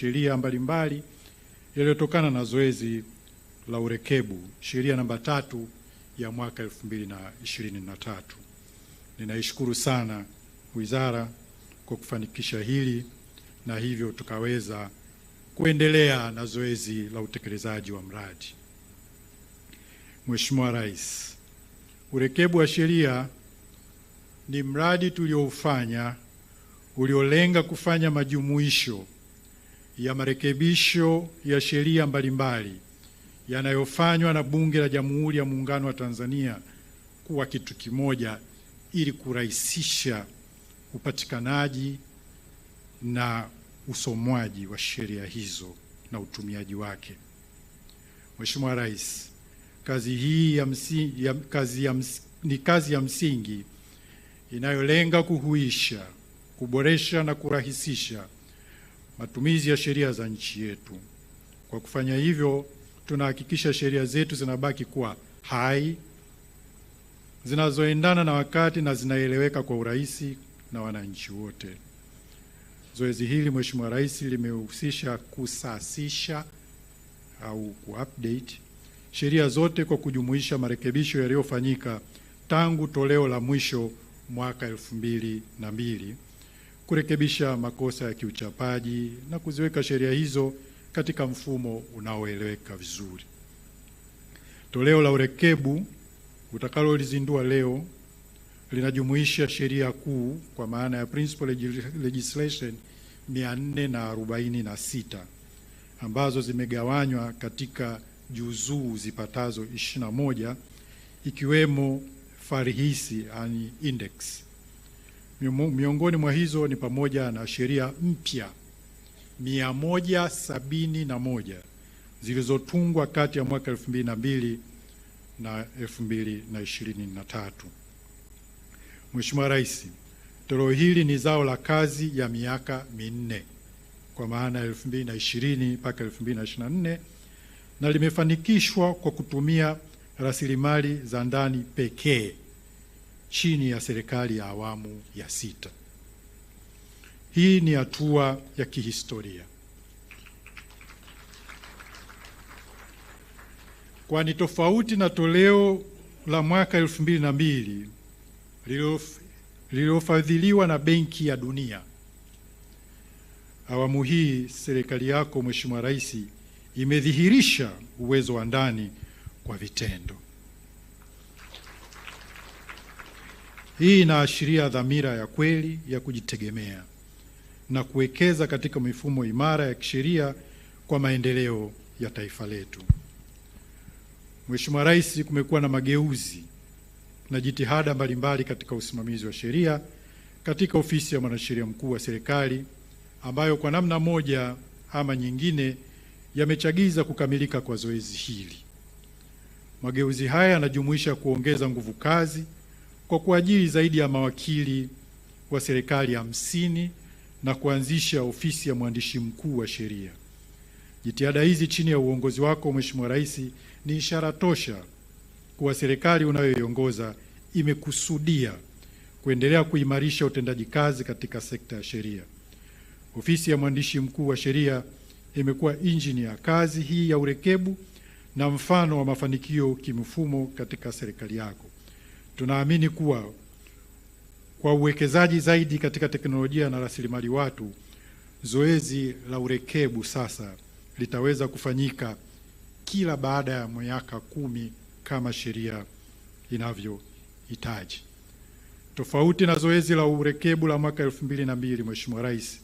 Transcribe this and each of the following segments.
sheria mbalimbali yaliyotokana na zoezi la urekebu sheria namba tatu ya mwaka tatu. Ninaishukuru sana wizara kwa kufanikisha hili na hivyo tukaweza kuendelea na zoezi la utekelezaji wa mradi. Mheshimiwa Rais, urekebu wa sheria ni mradi tulioufanya uliolenga kufanya majumuisho ya marekebisho ya sheria mbalimbali yanayofanywa na Bunge la Jamhuri ya Muungano wa Tanzania kuwa kitu kimoja ili kurahisisha upatikanaji na usomwaji wa sheria hizo na utumiaji wake. Mheshimiwa Rais, kazi hii ya msingi, ya, kazi ya ms, ni kazi ya msingi inayolenga kuhuisha, kuboresha na kurahisisha matumizi ya sheria za nchi yetu. Kwa kufanya hivyo, tunahakikisha sheria zetu zinabaki kuwa hai, zinazoendana na wakati na zinaeleweka kwa urahisi na wananchi wote. Zoezi hili Mheshimiwa Rais, limehusisha kusasisha au kuupdate sheria zote kwa kujumuisha marekebisho yaliyofanyika tangu toleo la mwisho mwaka elfu mbili na mbili kurekebisha makosa ya kiuchapaji na kuziweka sheria hizo katika mfumo unaoeleweka vizuri. Toleo la urekebu utakalolizindua leo linajumuisha sheria kuu kwa maana ya principal legislation 446 ambazo zimegawanywa katika juzuu zipatazo 21 ikiwemo farihisi yani index Miongoni mwa hizo ni pamoja na sheria mpya 171 na moja zilizotungwa kati ya mwaka elfu mbili na mbili tatu. Mheshimiwa Rais, toleo hili ni zao la kazi ya miaka minne kwa maana elfu mbili na ishirini mpaka na limefanikishwa kwa kutumia rasilimali za ndani pekee chini ya serikali ya awamu ya sita. Hii ni hatua ya kihistoria, kwani tofauti na toleo la mwaka elfu mbili na mbili lililofadhiliwa na Benki ya Dunia, awamu hii serikali yako Mheshimiwa Rais imedhihirisha uwezo wa ndani kwa vitendo. Hii inaashiria dhamira ya kweli ya kujitegemea na kuwekeza katika mifumo imara ya kisheria kwa maendeleo ya taifa letu. Mheshimiwa Rais, kumekuwa na mageuzi na jitihada mbalimbali katika usimamizi wa sheria katika ofisi ya mwanasheria mkuu wa serikali ambayo kwa namna moja ama nyingine yamechagiza kukamilika kwa zoezi hili. Mageuzi haya yanajumuisha kuongeza nguvu kazi kwa kuajiri zaidi ya mawakili wa serikali hamsini na kuanzisha ofisi ya mwandishi mkuu wa sheria. Jitihada hizi chini ya uongozi wako Mheshimiwa Rais ni ishara tosha kuwa serikali unayoiongoza imekusudia kuendelea kuimarisha utendaji kazi katika sekta ya sheria. Ofisi ya mwandishi mkuu wa sheria imekuwa injini ya kazi hii ya urekebu na mfano wa mafanikio kimfumo katika serikali yako. Tunaamini kuwa kwa uwekezaji zaidi katika teknolojia na rasilimali watu, zoezi la urekebu sasa litaweza kufanyika kila baada ya miaka kumi kama sheria inavyohitaji, tofauti na zoezi la urekebu la mwaka elfu mbili na mbili Mheshimiwa Rais,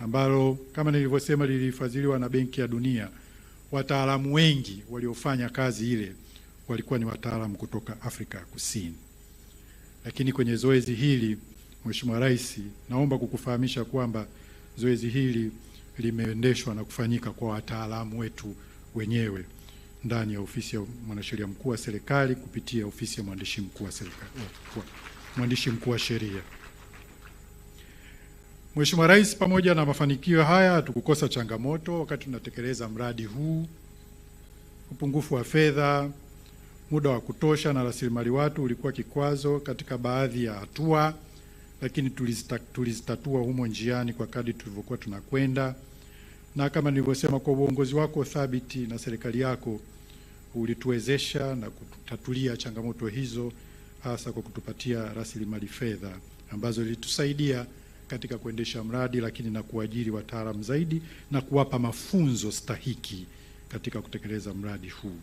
ambalo kama nilivyosema lilifadhiliwa na Benki ya Dunia. Wataalamu wengi waliofanya kazi ile walikuwa ni wataalamu kutoka Afrika Kusini. Lakini kwenye zoezi hili, Mheshimiwa Rais, naomba kukufahamisha kwamba zoezi hili limeendeshwa na kufanyika kwa wataalamu wetu wenyewe ndani ya ofisi ya mwanasheria mkuu wa serikali kupitia ofisi ya mwandishi mkuu wa serikali, mwandishi mkuu wa sheria. Mheshimiwa Rais, pamoja na mafanikio haya hatukukosa changamoto wakati tunatekeleza mradi huu, upungufu wa fedha muda wa kutosha na rasilimali watu ulikuwa kikwazo katika baadhi ya hatua, lakini tulizita, tulizitatua humo njiani kwa kadri tulivyokuwa tunakwenda, na kama nilivyosema, kwa uongozi wako thabiti na serikali yako ulituwezesha na kututatulia changamoto hizo, hasa kwa kutupatia rasilimali fedha ambazo ilitusaidia katika kuendesha mradi, lakini na kuajiri wataalamu zaidi na kuwapa mafunzo stahiki katika kutekeleza mradi huu.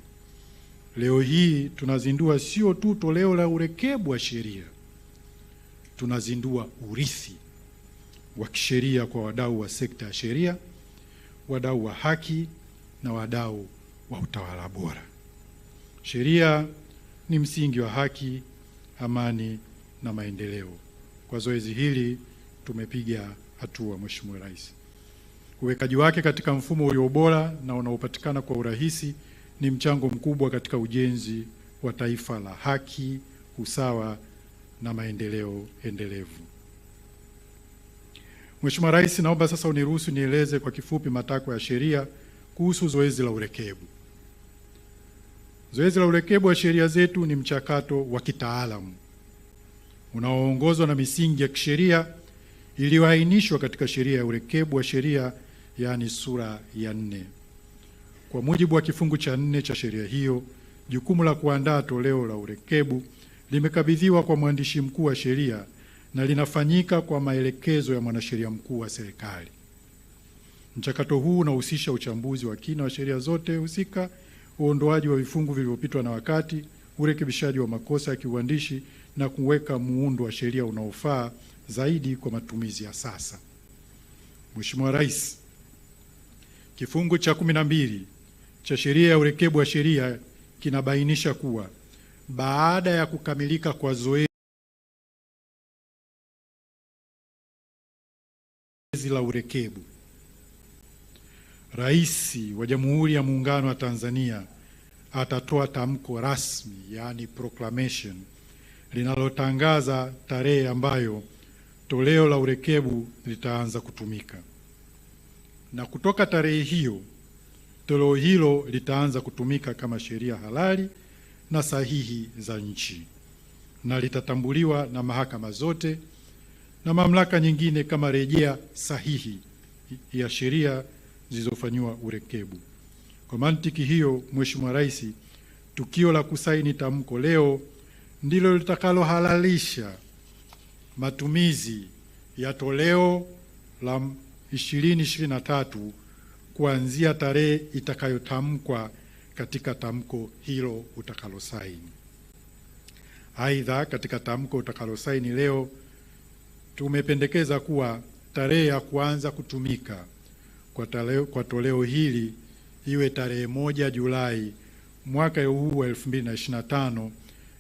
Leo hii tunazindua sio tu toleo la urekebu wa sheria, tunazindua urithi wa kisheria kwa wadau wa sekta ya sheria, wadau wa haki na wadau wa utawala bora. Sheria ni msingi wa haki, amani na maendeleo. Kwa zoezi hili tumepiga hatua, Mheshimiwa Rais. Uwekaji wake katika mfumo ulio bora na unaopatikana kwa urahisi ni mchango mkubwa katika ujenzi wa taifa la haki, usawa na maendeleo endelevu. Mheshimiwa Rais, naomba sasa uniruhusu nieleze kwa kifupi matakwa ya sheria kuhusu zoezi la urekebu. Zoezi la urekebu wa sheria zetu ni mchakato wa kitaalamu unaoongozwa na misingi ya kisheria iliyoainishwa katika sheria ya urekebu wa sheria, yaani sura ya nne. Kwa mujibu wa kifungu cha nne cha sheria hiyo, jukumu la kuandaa toleo la urekebu limekabidhiwa kwa mwandishi mkuu wa sheria na linafanyika kwa maelekezo ya mwanasheria mkuu wa serikali. Mchakato huu unahusisha uchambuzi wa kina wa sheria zote husika, uondoaji wa vifungu vilivyopitwa na wakati, urekebishaji wa makosa ya kiuandishi na kuweka muundo wa sheria unaofaa zaidi kwa matumizi ya sasa. Mheshimiwa Rais, kifungu cha cha sheria ya urekebu wa sheria kinabainisha kuwa baada ya kukamilika kwa zoezi la urekebu, Rais wa Jamhuri ya Muungano wa Tanzania atatoa tamko rasmi, yaani proclamation, linalotangaza tarehe ambayo toleo la urekebu litaanza kutumika, na kutoka tarehe hiyo toleo hilo litaanza kutumika kama sheria halali na sahihi za nchi na litatambuliwa na mahakama zote na mamlaka nyingine kama rejea sahihi ya sheria zilizofanyiwa urekebu. Kwa mantiki hiyo, Mheshimiwa Rais, tukio la kusaini tamko leo ndilo litakalohalalisha matumizi ya toleo la 2023 kuanzia tarehe itakayotamkwa katika tamko hilo utakalosaini. Aidha, katika tamko utakalosaini leo tumependekeza kuwa tarehe ya kuanza kutumika kwa, tale, kwa toleo hili iwe tarehe moja Julai mwaka huu wa 2025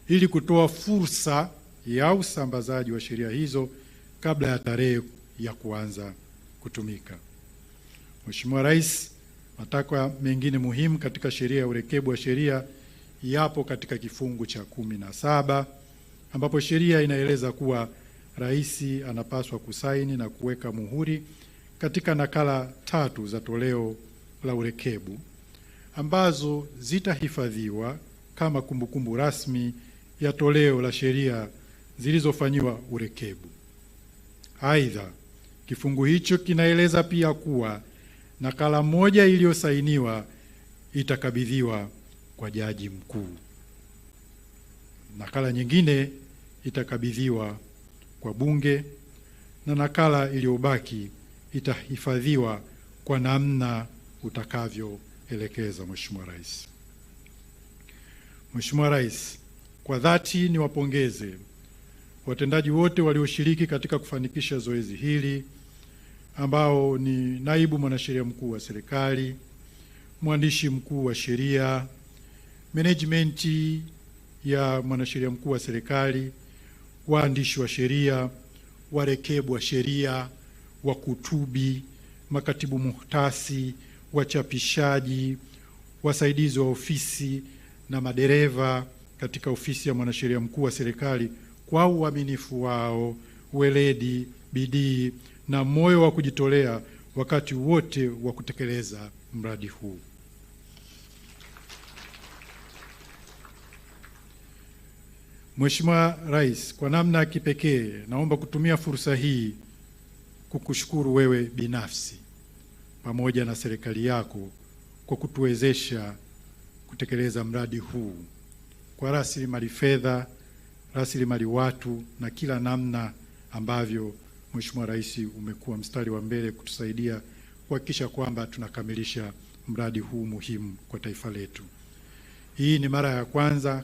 ili kutoa fursa ya usambazaji wa sheria hizo kabla ya tarehe ya kuanza kutumika. Mheshimiwa Rais, matakwa mengine muhimu katika sheria ya urekebu wa sheria yapo katika kifungu cha kumi na saba ambapo sheria inaeleza kuwa rais anapaswa kusaini na kuweka muhuri katika nakala tatu za toleo la urekebu ambazo zitahifadhiwa kama kumbukumbu kumbu rasmi ya toleo la sheria zilizofanyiwa urekebu. Aidha, kifungu hicho kinaeleza pia kuwa nakala moja iliyosainiwa itakabidhiwa kwa jaji mkuu, nakala nyingine itakabidhiwa kwa bunge na nakala iliyobaki itahifadhiwa kwa namna utakavyoelekeza Mheshimiwa Rais. Mheshimiwa Rais, kwa dhati niwapongeze watendaji wote walioshiriki katika kufanikisha zoezi hili ambao ni naibu mwanasheria mkuu wa serikali, mwandishi mkuu wa sheria, management ya mwanasheria mkuu wa serikali, waandishi wa sheria, warekebu wa sheria, wakutubi, makatibu muhtasi, wachapishaji, wasaidizi wa ofisi na madereva katika ofisi ya mwanasheria mkuu wa serikali kwa uaminifu wao, weledi, bidii na moyo wa kujitolea wakati wote wa kutekeleza mradi huu. Mheshimiwa Rais, kwa namna ya kipekee naomba kutumia fursa hii kukushukuru wewe binafsi pamoja na serikali yako kwa kutuwezesha kutekeleza mradi huu kwa rasilimali fedha, rasilimali watu na kila namna ambavyo Mheshimiwa Rais umekuwa mstari wa mbele kutusaidia kuhakikisha kwamba tunakamilisha mradi huu muhimu kwa taifa letu. Hii ni mara ya kwanza